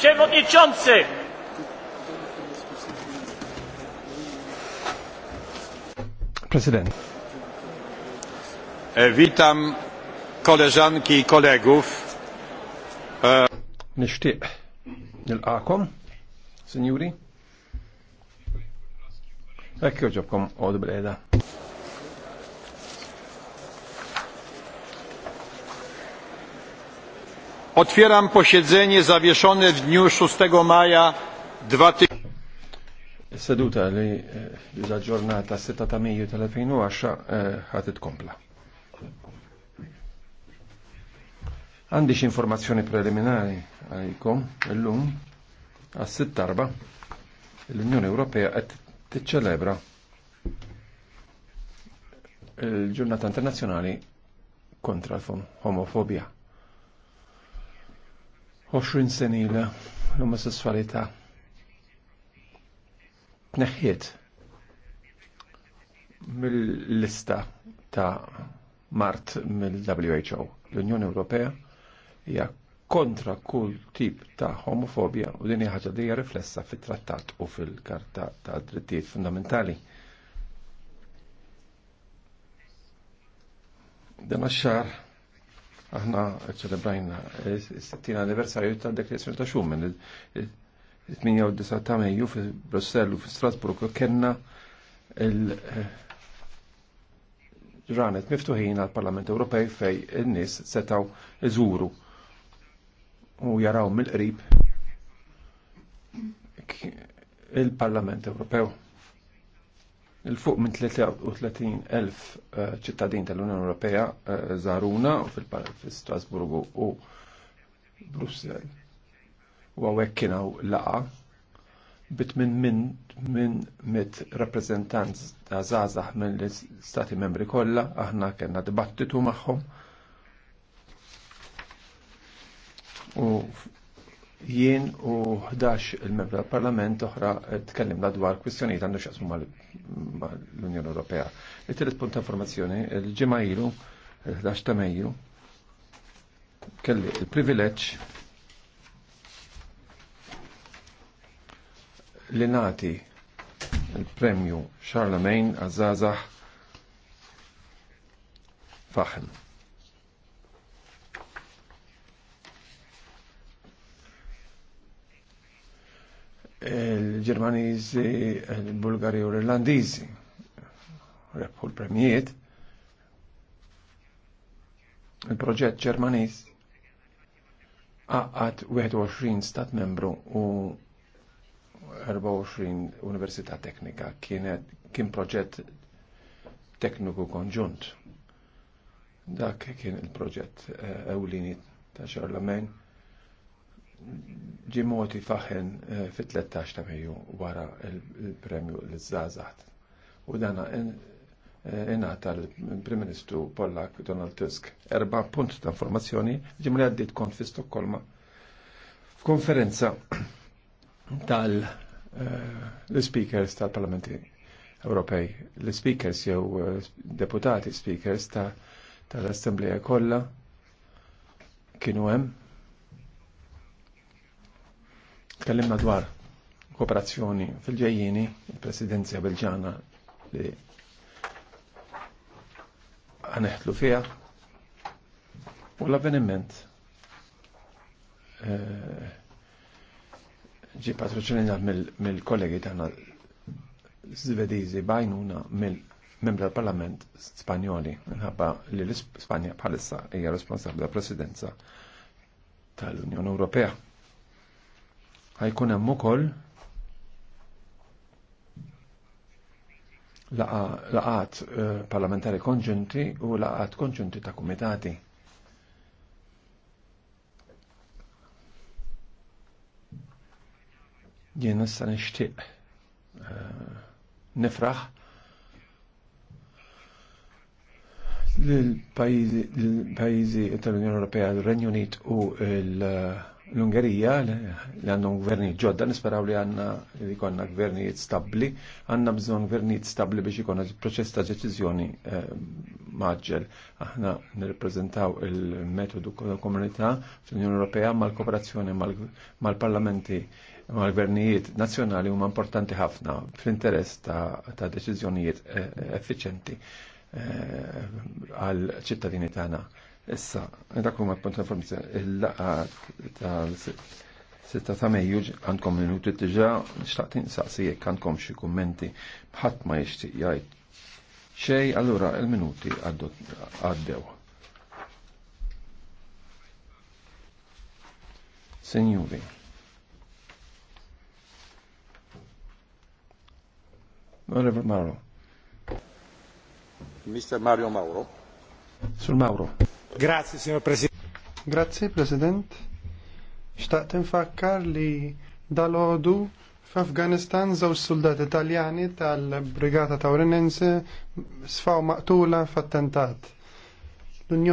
Przewodniczący! Prezydent. E, witam koleżanki i kolegów. E, Nishtiq nil-għakom, signori. Ekk odbreda. Otwieram posiedzenie zawieszone w dniu 6 maja 2000. Seduta li e, za giornata setata meglio telefonu tal e, hatet kompla. itkompla. Għandi informazzjoni preliminari għalikom illum għas sittarba l-Unjoni Ewropea qed tiċċelebra il-Ġurnata Internazzjonali kontra l-homofobija. 20 senila l-omosessualità neħħiet mill-lista ta' Mart mill-WHO. L-Unjoni Ewropea hija kontra kull tip ta' homofobija u din hija ħaġa li hija riflessa fit-trattat u fil-Karta ta' Drittijiet Fundamentali. Dan għax-xahar Aħna ċelebrajna s-sittin anniversarju ta' deklarazzjoni ta' Schumann, il-98 ta' Mejju fi Brussellu, fi Strasburgu, kena il-ġranet miftuħin għal-Parlament Ewropej fej il-nis setaw iżuru u jaraw mill-qrib il-Parlament Ewropew. Il-fuq minn 33.000 eh, ċittadin tal-Unjoni Ewropea eh, żaruna fil-Strasburgu u Brussel. U għawek kienaw laqa bit minn minn minn mit rappresentanz ta' zazax minn l-stati membri kollha, aħna kena dibattitu magħhom. U jien u 11 il-membra parlament oħra tkellimna dwar kwistjonijiet għandu xaqsmu mal-Unjoni Ewropea. Il-tielet punt ta' informazzjoni, il-ġimgħa ilu, il-11 ta' Mejju, kelli il-privileġġ li nati il-premju Charlemagne għazzazax faħm. Ġermaniżi, il-Bulgari u l-Irlandiżi. Rebħu l-premijiet. Il-proġett Ġermaniż għaqqat 21 stat membru u 24 Università Teknika kienet kien proġett tekniku konġunt. Dak kien il-proġett eh, ewlini ta' xarlamen ġimoti faħen eh, fit-13 ta' meju wara il-premju l zazat U dana inna eh, l-Prim Ministru Pollak Donald Tusk. Erba punt ta' informazzjoni ġimli għaddit kont fi Stokkolma f'konferenza tal-speakers eh, tal-Parlamenti Ewropej. L-speakers jew deputati speakers tal-Assembleja kollha kienu hemm tkellimna dwar kooperazzjoni fil-ġejjini, il-Presidenzja Belġana li għaneħtlu fija u l-avveniment eh, ġi patroċinina mill-kollegi tagħna zvedizi bajnuna mill membra parlament Spanjoli, minħabba li l-Spanja bħalissa hija responsabbli presidenza tal-Unjoni Ewropea ħajkun hemm ukoll laqat eh, parlamentari konġunti u laqat konġunti ta' kumitati. Jien issa nixtieq eh, nifraħ lil pajizi tal-Unjoni Ewropea, l-Renju Unit u l- l-Ungerija li għandhom gvernijiet ġodda nisperaw li għanna li konna gvernijiet stabli, għanna bżon gvernijiet stabli biex ikonna proċess ta' deċiżjoni eh, maġġel. Aħna nirrepreżentaw il-metodu komunità fl-Unjoni Ewropea mal-kooperazzjoni mal-parlamenti mal-gvernijiet nazzjonali huma importanti ħafna fl-interess ta' deċiżjonijiet eh, effiċenti eh, għal ċittadini tagħna. Issa, dak kumma punt informazzjoni il-laqat tal-6 ta' Mejju għandkom minuti diġà nixtaq tinsaqsi jekk għandkom xi kommenti bħadd ma jixtieq jgħid xej, allura il-minuti għaddew. Senjuri. Onorevole Mauro. Mr. Mario Mauro. Sul Mauro. Grazie, signor Presidente. Grazie, President. Xtaqt infakkar li dal-ħodu f'Afganistan żewġ soldat italjani tal-Brigata Tawrinense sfaw maqtula f'attentat. L-Unjoni